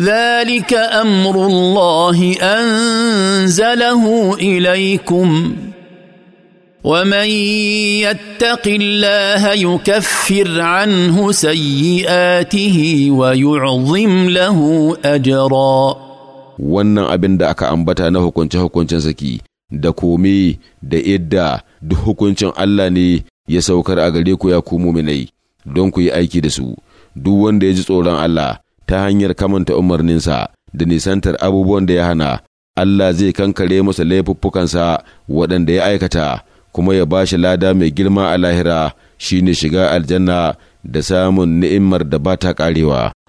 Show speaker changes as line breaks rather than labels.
ذلك امر الله انزله اليكم ومن يتق الله يكفر عنه سيئاته ويعظم له
اجرا wannan abin da aka ambata na hukunce-hukuncen saki da kome da idda duk hukuncin Allah ne ya saukar a gare ku ya ku muminai don ku yi aiki da su duk wanda ya ji tsoron Allah ta hanyar kamanta umarninsa da nisantar abubuwan da ya hana, Allah zai kankare masa laifuffukansa waɗanda ya aikata, kuma ya ba shi lada mai girma a lahira shine shiga aljanna da samun ni'imar da ba ta ƙarewa.